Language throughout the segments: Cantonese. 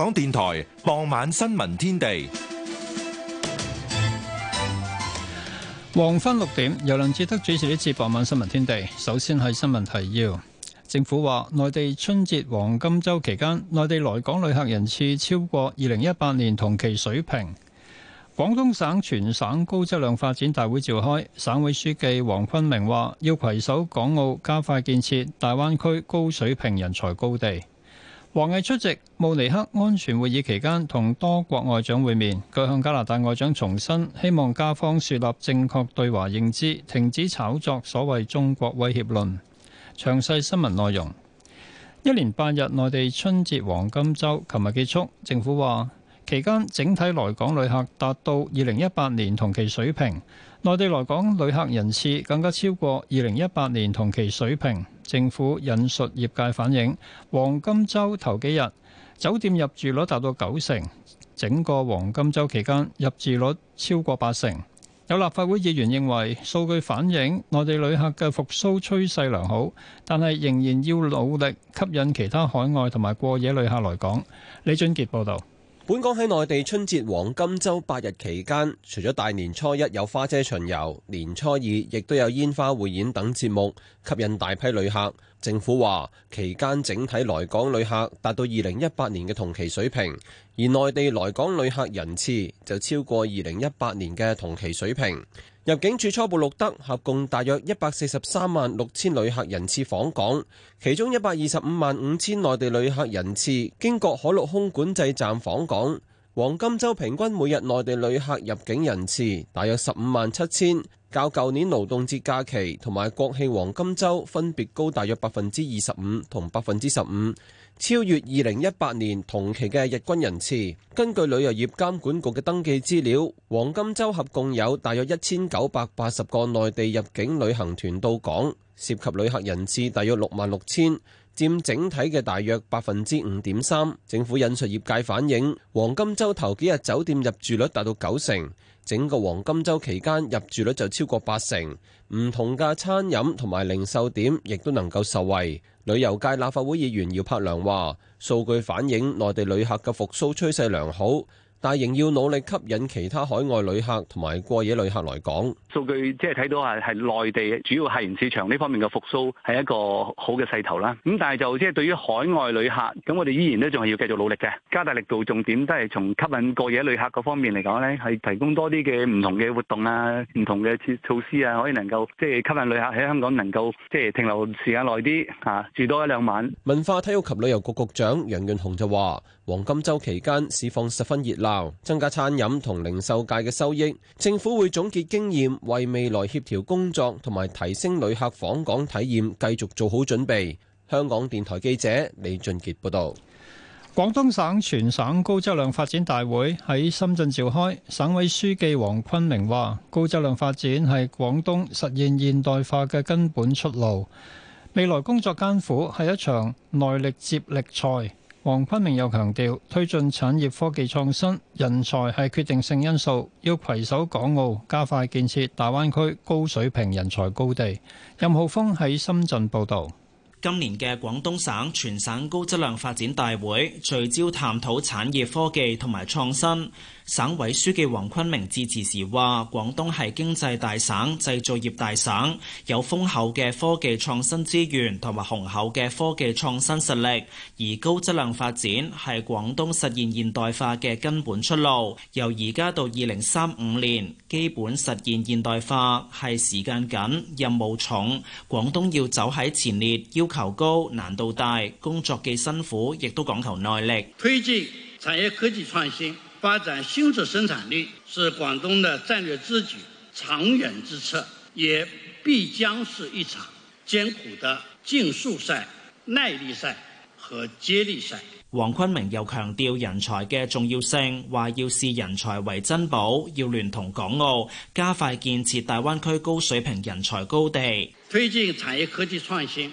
香港電台傍晚新聞天地，黃昏六點，由梁智德主持嘅呢次傍晚新聞天地》。首先係新聞提要：政府話，內地春節黃金周期間，內地來港旅客人次超過二零一八年同期水平。廣東省全省高質量發展大會召開，省委書記黃坤明話：要攜手港澳，加快建設大灣區高水平人才高地。王毅出席慕尼黑安全會議期間，同多國外長會面。佢向加拿大外長重申，希望加方樹立正確對華認知，停止炒作所謂中國威脅論。詳細新聞內容，一連八日內地春節黃金周，琴日結束。政府話。期間整體來港旅客達到二零一八年同期水平，內地來港旅客人次更加超過二零一八年同期水平。政府引述業界反映，黃金週頭幾日酒店入住率達到九成，整個黃金週期間入住率超過八成。有立法會議員認為數據反映內地旅客嘅復甦趨勢良好，但係仍然要努力吸引其他海外同埋過夜旅客來港。李俊傑報道。本港喺內地春節黃金週八日期間，除咗大年初一有花車巡遊，年初二亦都有煙花匯演等節目，吸引大批旅客。政府話，期間整體來港旅客達到二零一八年嘅同期水平，而內地來港旅客人次就超過二零一八年嘅同期水平。入境處初步錄得合共大約一百四十三萬六千旅客人次訪港，其中一百二十五萬五千內地旅客人次經過海陸空管制站訪港。黃金週平均每日內地旅客入境人次大約十五萬七千，較舊年勞動節假期同埋國慶黃金週分別高大約百分之二十五同百分之十五。超越二零一八年同期嘅日均人次。根據旅遊業監管局嘅登記資料，黃金週合共有大約一千九百八十個內地入境旅行團到港，涉及旅客人次大約六萬六千。佔整體嘅大約百分之五點三。政府引述業界反映，黃金周頭幾日酒店入住率達到九成，整個黃金周期間入住率就超過八成。唔同嘅餐飲同埋零售點亦都能夠受惠。旅遊界立法會議員姚柏良話，數據反映內地旅客嘅復甦趨勢良好。但係仍要努力吸引其他海外旅客同埋過夜旅客來港。數據即係睇到係係內地主要客源市場呢方面嘅復甦係一個好嘅勢頭啦。咁但係就即係對於海外旅客，咁我哋依然都仲係要繼續努力嘅，加大力度，重點都係從吸引過夜旅客嗰方面嚟講咧，係提供多啲嘅唔同嘅活動啊、唔同嘅措措施啊，可以能夠即係吸引旅客喺香港能夠即係停留時間耐啲啊，住多一兩晚。文化體育及旅遊局局局長楊潤雄就話。黃金周期間市況十分熱鬧，增加餐飲同零售界嘅收益。政府會總結經驗，為未來協調工作同埋提升旅客訪港體驗，繼續做好準備。香港電台記者李俊杰報道。廣東省全省高質量發展大會喺深圳召開，省委書記黃坤明話：高質量發展係廣東實現現代化嘅根本出路。未來工作艱苦，係一場耐力接力賽。黃坤明又強調，推進產業科技創新，人才係決定性因素，要攜手港澳，加快建設大灣區高水平人才高地。任浩峰喺深圳報道。今年嘅廣東省全省高質量發展大會聚焦，探討產業科技同埋創新。省委書記黃坤明致辭時話廣東係經濟大省、製造業大省，有豐厚嘅科技創新資源同埋雄厚嘅科技創新實力。而高質量發展係廣東實現現代化嘅根本出路。由而家到二零三五年基本實現現代化係時間緊，任務重，廣東要走喺前列，要.求高，高難度大，工作既辛苦，亦都講求耐力。推進產業科技創新，發展新質生產力，是廣東的戰略之舉、長遠之策，也必將是一場艱苦的競速賽、耐力賽和接力賽。黃坤明又強調人才嘅重要性，話要視人才為珍寶，要聯同港澳加快建設大灣區高水平人才高地。推進產業科技創新。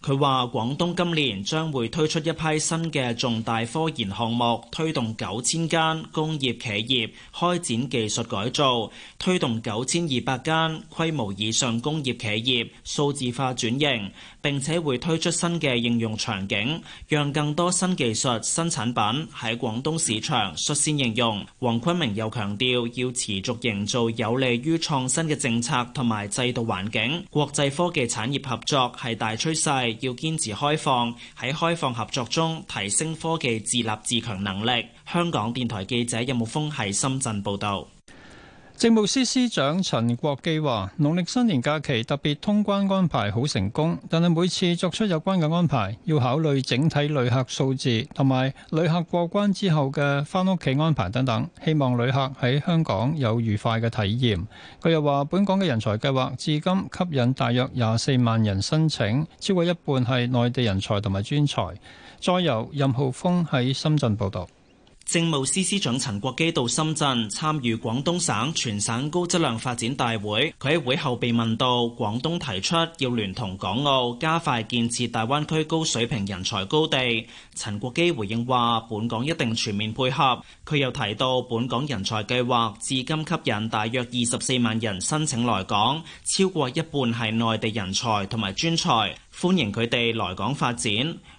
佢話：廣東今年將會推出一批新嘅重大科研項目，推動九千間工業企業開展技術改造，推動九千二百間規模以上工業企業數字化轉型。並且會推出新嘅應用場景，讓更多新技術、新產品喺廣東市場率先應用。黃坤明又強調，要持續營造有利於創新嘅政策同埋制度環境。國際科技產業合作係大趨勢。要堅持開放，喺開放合作中提升科技自立自強能力。香港電台記者任木峰喺深圳報道。政務司司長陳國基話：農曆新年假期特別通關安排好成功，但係每次作出有關嘅安排，要考慮整體旅客數字同埋旅客過關之後嘅返屋企安排等等，希望旅客喺香港有愉快嘅體驗。佢又話：本港嘅人才計劃至今吸引大約廿四萬人申請，超過一半係內地人才同埋專才。再由任浩峰喺深圳報道。政務司司長陳國基到深圳參與廣東省全省高質量發展大會，佢喺會後被問到，廣東提出要聯同港澳加快建設大灣區高水平人才高地，陳國基回應話，本港一定全面配合。佢又提到，本港人才計劃至今吸引大約二十四萬人申請來港，超過一半係內地人才同埋專才，歡迎佢哋來港發展。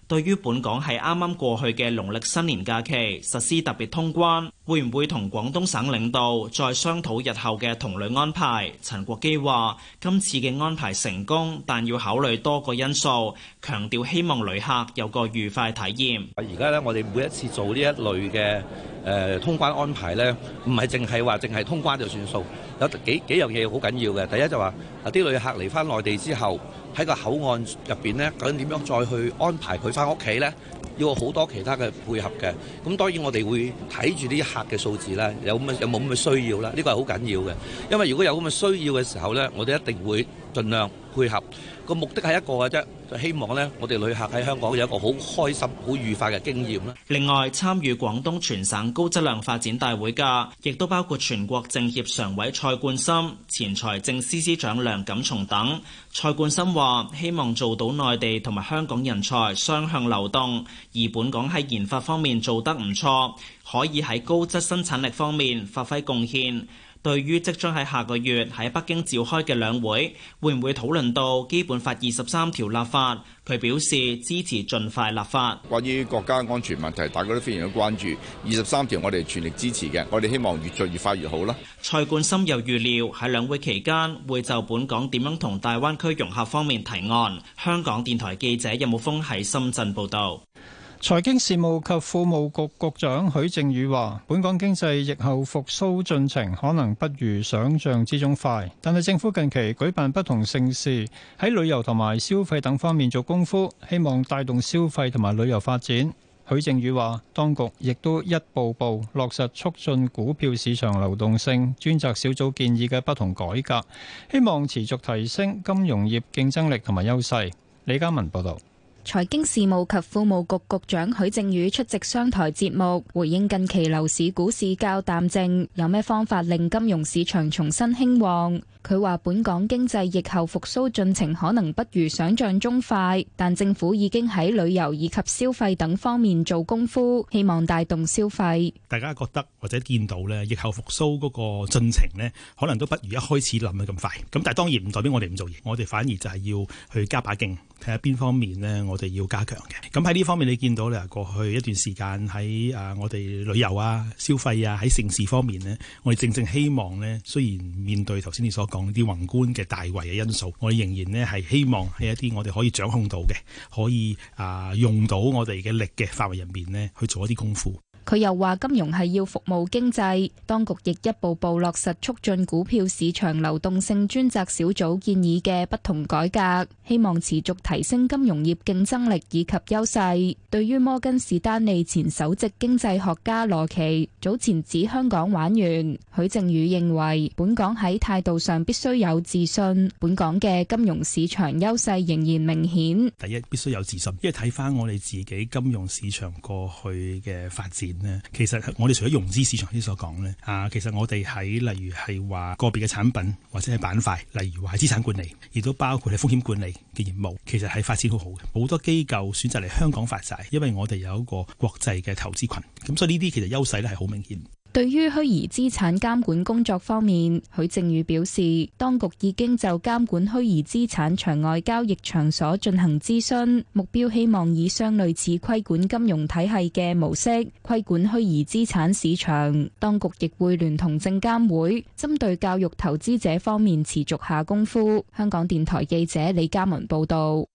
對於本港係啱啱過去嘅農曆新年假期實施特別通關，會唔會同廣東省領導再商討日後嘅同類安排？陳國基話：今次嘅安排成功，但要考慮多個因素，強調希望旅客有個愉快體驗。而家呢，我哋每一次做呢一類嘅誒通關安排呢，唔係淨係話淨係通關就算數，有幾幾樣嘢好緊要嘅。第一就話啊，啲旅客嚟返內地之後。喺個口岸入邊咧，究竟點樣再去安排佢翻屋企咧？要好多其他嘅配合嘅。咁當然我哋會睇住啲客嘅數字啦，有咁嘅有冇咁嘅需要啦？呢、這個係好緊要嘅，因為如果有咁嘅需要嘅時候咧，我哋一定會盡量。配合個目的係一個嘅啫，就希望呢，我哋旅客喺香港有一個好開心、好愉快嘅經驗啦。另外，參與廣東全省高質量發展大會嘅，亦都包括全國政協常委蔡冠森、前財政司司長梁錦松等。蔡冠森話：希望做到內地同埋香港人才雙向流動，而本港喺研發方面做得唔錯。可以喺高質生產力方面發揮貢獻。對於即將喺下個月喺北京召開嘅兩會，會唔會討論到基本法二十三條立法？佢表示支持盡快立法。關於國家安全問題，大家都非常都關注二十三條，我哋全力支持嘅，我哋希望越做越快越好啦。蔡冠深又預料喺兩會期間會就本港點樣同大灣區融合方面提案。香港電台記者任木峰喺深圳報導。財經事務及庫務局局長許正宇話，本港經濟疫後復甦進程可能不如想象之中快，但係政府近期舉辦不同盛事，喺旅遊同埋消費等方面做功夫，希望帶動消費同埋旅遊發展。許正宇話，當局亦都一步步落實促進股票市場流動性專責小組建議嘅不同改革，希望持續提升金融業競爭力同埋優勢。李嘉文報道。財經事務及庫務局局長許正宇出席商台節目，回應近期樓市、股市較淡靜，有咩方法令金融市場重新興旺？佢話本港經濟疫後復甦進程可能不如想象中快，但政府已經喺旅遊以及消費等方面做功夫，希望帶動消費。大家覺得或者見到咧，疫後復甦嗰個進程呢，可能都不如一開始諗嘅咁快。咁但係當然唔代表我哋唔做嘢，我哋反而就係要去加把勁，睇下邊方面呢？我哋要加強嘅，咁喺呢方面你見到咧，過去一段時間喺啊，我哋旅遊啊、消費啊，喺城市方面咧，我哋正正希望咧，雖然面對頭先你所講啲宏觀嘅大圍嘅因素，我哋仍然咧係希望喺一啲我哋可以掌控到嘅，可以啊、呃、用到我哋嘅力嘅範圍入面咧，去做一啲功夫。佢又話：金融係要服務經濟，當局亦一步步落實促進股票市場流動性專責小組建議嘅不同改革，希望持續提升金融業競爭力以及優勢。對於摩根士丹利前首席經濟學家羅奇，早前指香港玩完，許正宇認為本港喺態度上必須有自信，本港嘅金融市場優勢仍然明顯。第一，必須有自信，因為睇返我哋自己金融市場過去嘅發展。其實我哋除咗融資市場之所講呢，啊，其實我哋喺例如係話個別嘅產品或者係板塊，例如話資產管理，亦都包括係風險管理嘅業務，其實係發展好好嘅。好多機構選擇嚟香港發債，因為我哋有一個國際嘅投資群，咁所以呢啲其實優勢咧係好明顯。對於虛擬資產監管工作方面，許正宇表示，當局已經就監管虛擬資產場外交易場所進行諮詢，目標希望以相類似規管金融體系嘅模式規管虛擬資產市場。當局亦會聯同證監會，針對教育投資者方面持續下功夫。香港電台記者李嘉文報道。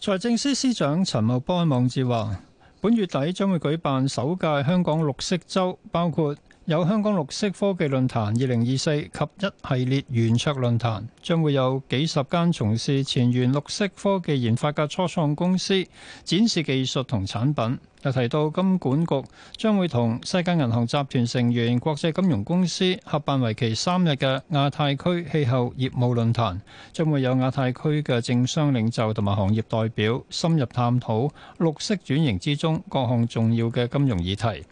財政司司長陳茂波喺網誌話，本月底將會舉辦首屆香港綠色周，包括，有香港綠色科技論壇二零二四及一系列圓桌論壇，將會有幾十間從事前沿綠色科技研發嘅初創公司展示技術同產品。又提到金管局將會同世界銀行集團成員國際金融公司合辦為期三日嘅亞太區氣候業務論壇，將會有亞太區嘅政商領袖同埋行業代表深入探討綠色轉型之中各項重要嘅金融議題。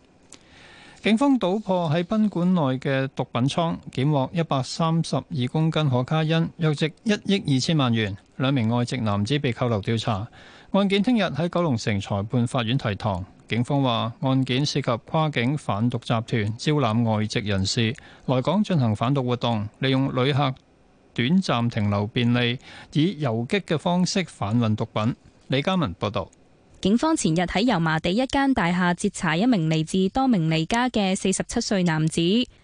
警方搗破喺賓館內嘅毒品倉檢獲一百三十二公斤可卡因，約值一億二千萬元。兩名外籍男子被扣留調查，案件聽日喺九龍城裁判法院提堂。警方話案件涉及跨境販毒集團招攬外籍人士來港進行販毒活動，利用旅客短暫停留便利，以游擊嘅方式販運毒品。李嘉文報道。警方前日喺油麻地一間大廈截查一名嚟自多明尼加嘅四十七歲男子，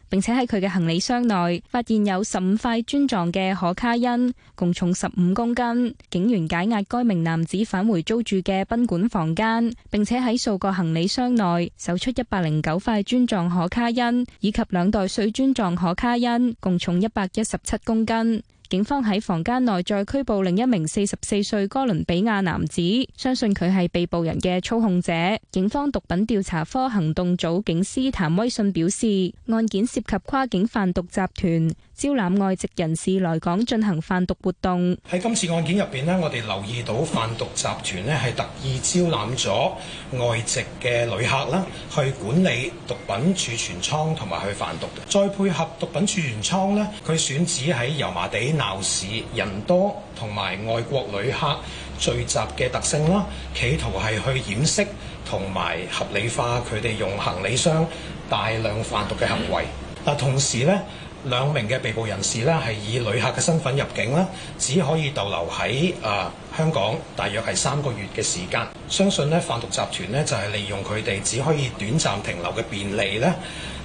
並且喺佢嘅行李箱內發現有十五塊磚狀嘅可卡因，共重十五公斤。警員解押該名男子返回租住嘅賓館房間，並且喺數個行李箱內搜出一百零九塊磚狀可卡因以及兩袋碎磚狀可卡因，共重一百一十七公斤。警方喺房間內再拘捕另一名四十四歲哥倫比亞男子，相信佢係被捕人嘅操控者。警方毒品調查科行動組警司譚威信表示，案件涉及跨境販毒集團。招攬外籍人士來港進行販毒活動。喺今次案件入邊咧，我哋留意到販毒集團咧係特意招攬咗外籍嘅旅客啦，去管理毒品儲存倉同埋去販毒。再配合毒品儲存倉咧，佢選址喺油麻地鬧市，人多同埋外國旅客聚集嘅特性啦，企圖係去掩飾同埋合理化佢哋用行李箱大量販毒嘅行為。嗱，同時咧。兩名嘅被捕人士呢，係以旅客嘅身份入境啦，只可以逗留喺啊、呃、香港大約係三個月嘅時間。相信呢，販毒集團呢，就係、是、利用佢哋只可以短暫停留嘅便利，呢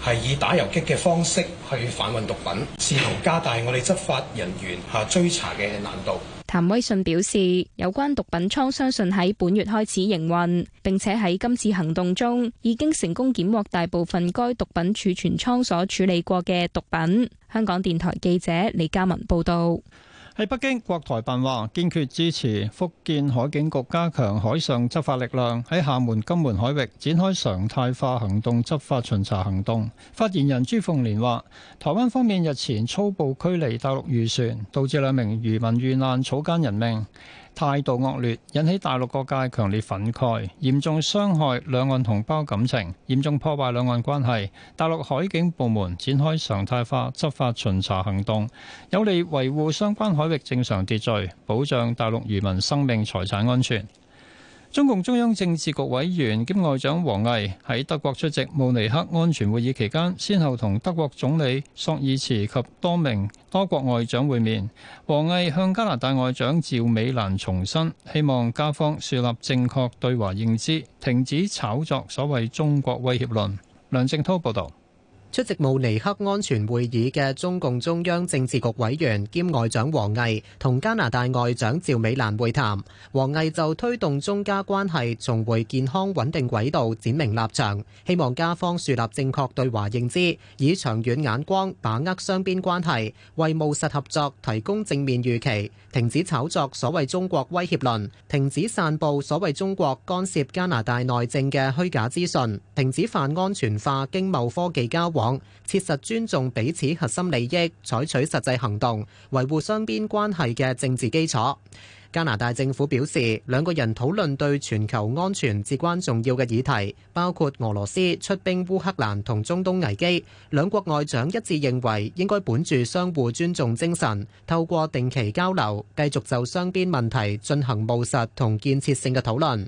係以打遊擊嘅方式去販運毒品，試圖加大我哋執法人員下、啊、追查嘅難度。譚威信表示，有關毒品倉相信喺本月開始營運，並且喺今次行動中已經成功檢獲大部分該毒品儲存倉所處理過嘅毒品。香港電台記者李嘉文報道。喺北京，國台辦話堅決支持福建海警局加強海上執法力量，喺廈門、金門海域展開常態化行動執法巡查行動。發言人朱鳳蓮話，台灣方面日前粗暴驅離大陸漁船，導致兩名漁民遇難，草菅人命。態度惡劣，引起大陸各界強烈憤慨，嚴重傷害兩岸同胞感情，嚴重破壞兩岸關係。大陸海警部門展開常態化執法巡查行動，有利維護相關海域正常秩序，保障大陸漁民生命財產安全。中共中央政治局委員兼外長王毅，喺德國出席慕尼黑安全會議期間，先後同德國總理朔爾茨及多名多國外長會面。王毅向加拿大外長趙美蘭重申，希望加方樹立正確對華認知，停止炒作所謂中國威脅論。梁正濤報道。出席慕尼黑安全會議嘅中共中央政治局委員兼外長王毅同加拿大外長趙美蘭會談，王毅就推動中加關係重回健康穩定軌道，展明立場，希望加方樹立正確對華認知，以長遠眼光把握雙邊關係，為務實合作提供正面預期。停止炒作所謂中國威脅論，停止散佈所謂中國干涉加拿大內政嘅虛假資訊，停止泛安全化經貿科技交往，切實尊重彼此核心利益，採取實際行動，維護雙邊關係嘅政治基礎。加拿大政府表示，兩個人討論對全球安全至關重要嘅議題，包括俄羅斯出兵烏克蘭同中東危機，兩國外長一致認為應該本住相互尊重精神，透過定期交流，繼續就雙邊問題進行務實同建設性嘅討論。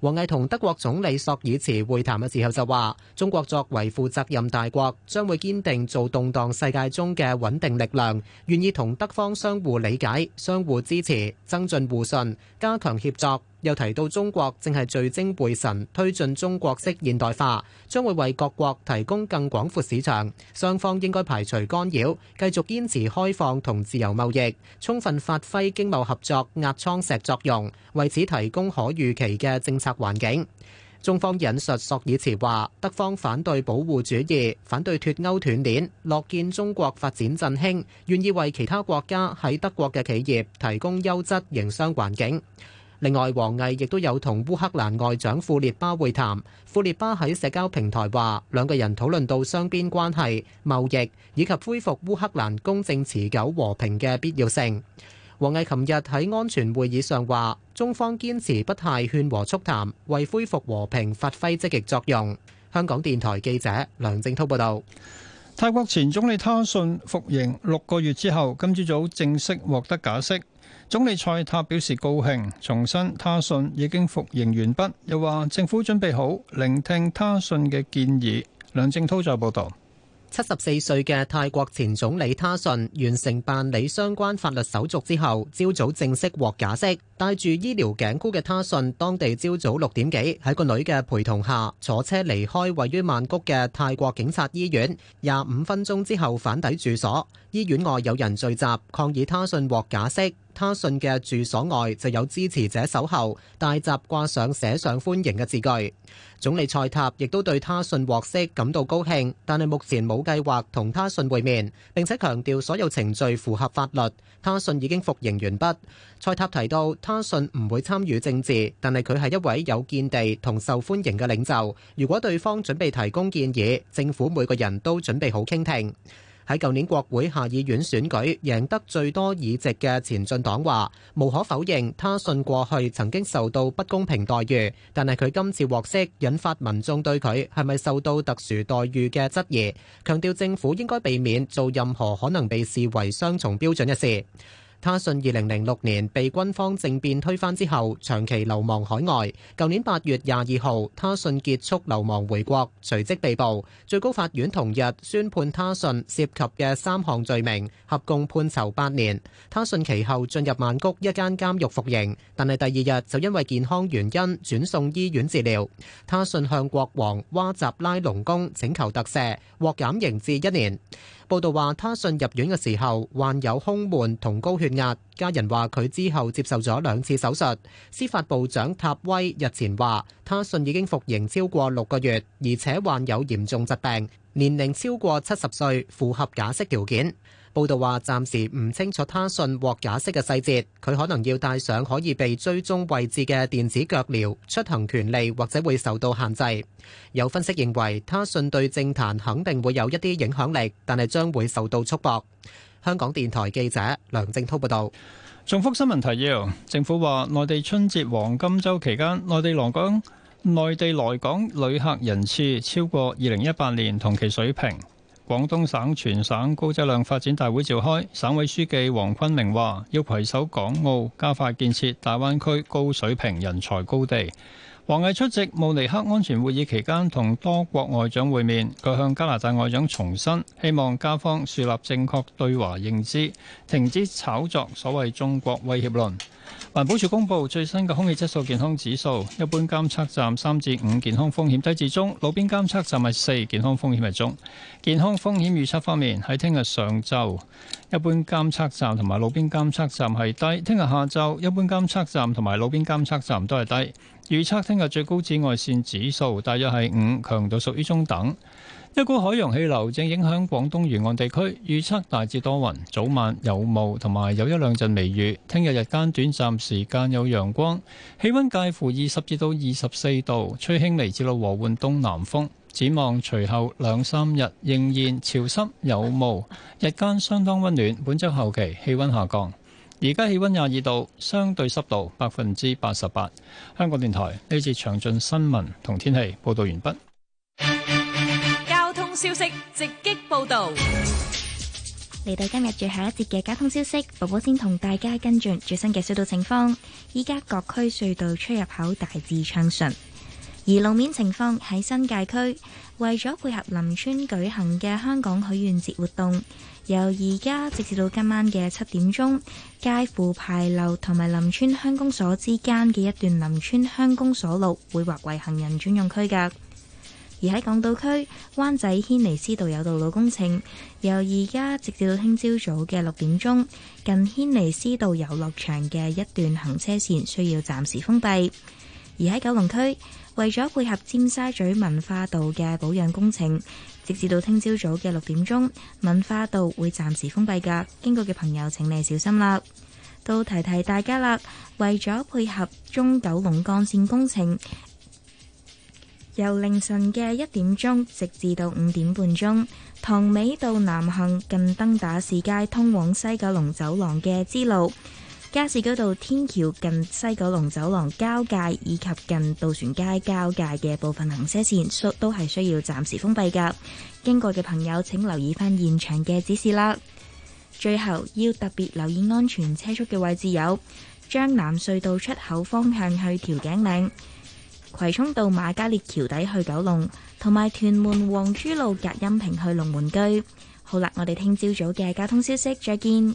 王毅同德國總理索爾茨會談嘅時候就話：中國作為負責任大國，將會堅定做動盪世界中嘅穩定力量，願意同德方相互理解、相互支持、增進互信、加強協作。又提到，中國正係聚精會神推進中國式現代化，將會為各國提供更廣闊市場，雙方應該排除干擾，繼續堅持開放同自由貿易，充分發揮經貿合作壓艙石作用，為此提供可預期嘅政策環境。中方引述索爾茨話，德方反對保護主義，反對脫歐斷鏈，樂見中國發展振興，願意為其他國家喺德國嘅企業提供優質營商環境。另外，王毅亦都有同烏克蘭外長庫列巴會談。庫列巴喺社交平台話，兩個人討論到雙邊關係、貿易以及恢復烏克蘭公正持久和平嘅必要性。王毅琴日喺安全會議上話，中方堅持不懈勸和促談，為恢復和平發揮積極作用。香港電台記者梁正滔報道。泰國前總理他信服刑六個月之後，今朝早正式獲得假釋。總理蔡塔表示高興，重申他信已經服刑完畢，又話政府準備好聆聽他信嘅建議。梁正濤在報道，七十四歲嘅泰國前總理他信完成辦理相關法律手續之後，朝早正式獲假釋。戴住醫療頸箍嘅他信，當地朝早六點幾喺個女嘅陪同下，坐車離開位於曼谷嘅泰國警察醫院。廿五分鐘之後返抵住所，醫院外有人聚集抗議他信獲假釋。他信嘅住所外就有支持者守候，大閘掛上寫上歡迎嘅字句。總理蔡塔亦都對他信獲釋感到高興，但係目前冇計劃同他信會面，並且強調所有程序符合法律。他信已經服刑完畢。蔡塔提到，他信唔會參與政治，但係佢係一位有見地同受歡迎嘅領袖。如果對方準備提供建議，政府每個人都準備好傾聽。喺舊年國會下議院選舉贏得最多議席嘅前進黨話，無可否認他信過去曾經受到不公平待遇，但係佢今次獲釋，引發民眾對佢係咪受到特殊待遇嘅質疑，強調政府應該避免做任何可能被視為雙重標準嘅事。他信二零零六年被軍方政變推翻之後長期流亡海外。舊年八月廿二號他信結束流亡回國隨即被捕。最高法院同日宣判他信涉及嘅三項罪名，合共判囚八年。他信其後進入曼谷一間監獄服刑，但係第二日就因為健康原因轉送醫院治療，他信向國王哇集拉隆功請求特赦，獲減刑至一年。報道話他信入院嘅時候患有胸悶同高血。血壓，家人話佢之後接受咗兩次手術。司法部長塔威日前話，他信已經服刑超過六個月，而且患有嚴重疾病，年齡超過七十歲，符合假釋條件。報道話，暫時唔清楚他信獲假釋嘅細節，佢可能要戴上可以被追蹤位置嘅電子腳鐐，出行權利或者會受到限制。有分析認為，他信對政壇肯定會有一啲影響力，但係將會受到束縛。香港電臺記者梁正濤報道：重複新聞提要，政府話內地春節黃金週期間，內地來港內地來港旅客人次超過二零一八年同期水平。廣東省全省高質量發展大會召開，省委書記黃坤明話要攜手港澳，加快建設大灣區高水平人才高地。王毅出席慕尼黑安全會議期間，同多國外長會面。佢向加拿大外長重申，希望加方樹立正確對華認知，停止炒作所謂中國威脅論。環保署公布最新嘅空氣質素健康指數，一般監測站三至五，5，健康風險低至中；路邊監測站係四，健康風險係中。健康風險預測方面，喺聽日上晝，一般監測站同埋路邊監測站係低；聽日下晝，一般監測站同埋路邊監測站都係低。預測聽日最高紫外線指數大約係五，強度屬於中等。一股海洋氣流正影響廣東沿岸地區，預測大致多雲，早晚有霧，同埋有一兩陣微雨。聽日日間短暫時間有陽光，氣溫介乎二十至到二十四度，吹輕微至到和緩東南風。展望隨後兩三日，仍然潮濕有霧，日間相當溫暖。本周後期氣溫下降。而家氣溫廿二度，相對濕度百分之八十八。香港電台呢次詳盡新聞同天氣報道完畢。交通消息直擊報道，嚟到今日最後一節嘅交通消息，寶寶先同大家跟進最新嘅隧道情況。依家各區隧道出入口大致暢順，而路面情況喺新界區。為咗配合林村舉行嘅香港許願節活動，由而家直至到今晚嘅七點鐘，介乎牌樓同埋林村鄉公所之間嘅一段林村鄉公所路會劃為行人專用區噶。而喺港島區，灣仔軒尼詩道有道路工程，由而家直至到聽朝早嘅六點鐘，近軒尼詩道遊樂場嘅一段行車線需要暫時封閉。而喺九龍區，為咗配合尖沙咀文化道嘅保養工程，直至到聽朝早嘅六點鐘，文化道會暫時封閉噶，經過嘅朋友，請你小心啦。都提提大家啦，為咗配合中九龍幹線工程，由凌晨嘅一點鐘直至到五點半鐘，塘尾道南行近登打士街通往西九龍走廊嘅支路。加士居道天橋近西九龍走廊交界以及近渡船街交界嘅部分行車線，都係需要暫時封閉噶。經過嘅朋友，請留意返現場嘅指示啦。最後要特別留意安全車速嘅位置有：將南隧道出口方向去調景嶺、葵涌道瑪嘉烈橋底去九龍，同埋屯門黃珠路隔音屏去龍門居。好啦，我哋聽朝早嘅交通消息，再見。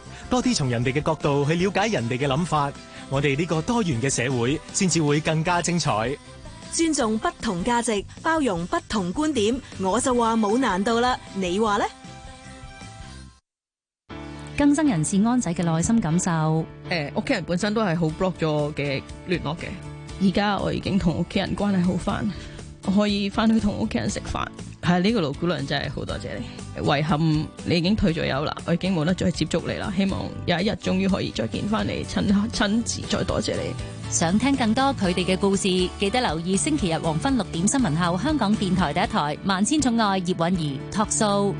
多啲從人哋嘅角度去了解人哋嘅諗法，我哋呢個多元嘅社會，先至會更加精彩。尊重不同價值，包容不同觀點，我就話冇難度啦。你話呢？更生人士安仔嘅內心感受，誒、欸，屋企人本身都係好 block 咗嘅聯絡嘅。而家我已經同屋企人關係好返，我可以返去同屋企人食飯。.係呢個老姑娘真係好多謝你，遺憾你已經退咗休啦，我已經冇得再接觸你啦。希望有一日終於可以再見返你，親親自再多謝你。想聽更多佢哋嘅故事，記得留意星期日黃昏六點新聞後，香港電台第一台《萬千寵愛葉蘊儀》Talk Show。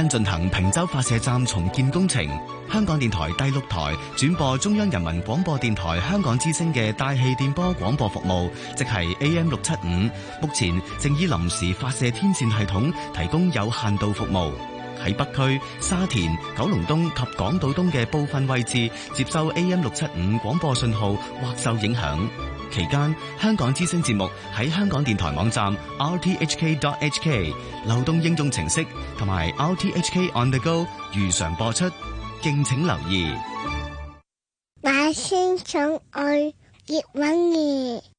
因進行坪洲發射站重建工程，香港電台第六台轉播中央人民廣播電台香港之聲嘅大氣電波廣播服務，即係 AM 六七五，目前正以臨時發射天線系統提供有限度服務。喺北區、沙田、九龍東及港島東嘅部分位置接收 AM 六七五廣播信號或受影響。期間，香港之聲節目喺香港電台網站 rthk.hk 流動應用程式同埋 rthk on the go 如常播出，敬請留意。我先想愛葉問二。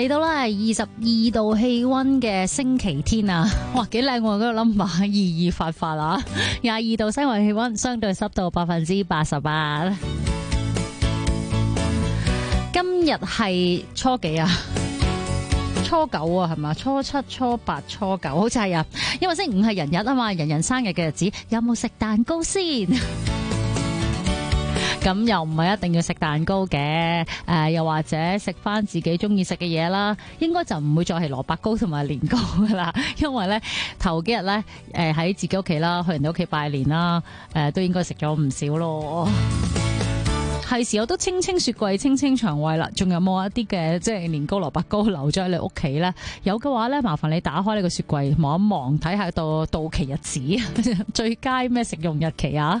嚟到啦，係二十二度氣溫嘅星期天啊！哇，幾靚個 number！我喺度諗啊，意意發發啊，廿二度室外氣溫，相對濕度百分之八十八。今日係初幾啊？初九啊，係咪？初七、初八、初九，好似係啊。因為星期五係人日啊嘛，人人生日嘅日子，有冇食蛋糕先？咁又唔係一定要食蛋糕嘅，誒、呃，又或者食翻自己中意食嘅嘢啦，應該就唔會再係蘿卜糕同埋年糕噶啦，因為咧頭幾日咧，誒、呃、喺自己屋企啦，去人哋屋企拜年啦，誒、呃、都應該食咗唔少咯。係 時候都清清雪櫃、清清腸胃啦，仲有冇一啲嘅即係年糕、蘿卜糕留咗喺你屋企咧？有嘅話咧，麻煩你打開呢個雪櫃望一望，睇下到到期日子、最佳咩食用日期啊？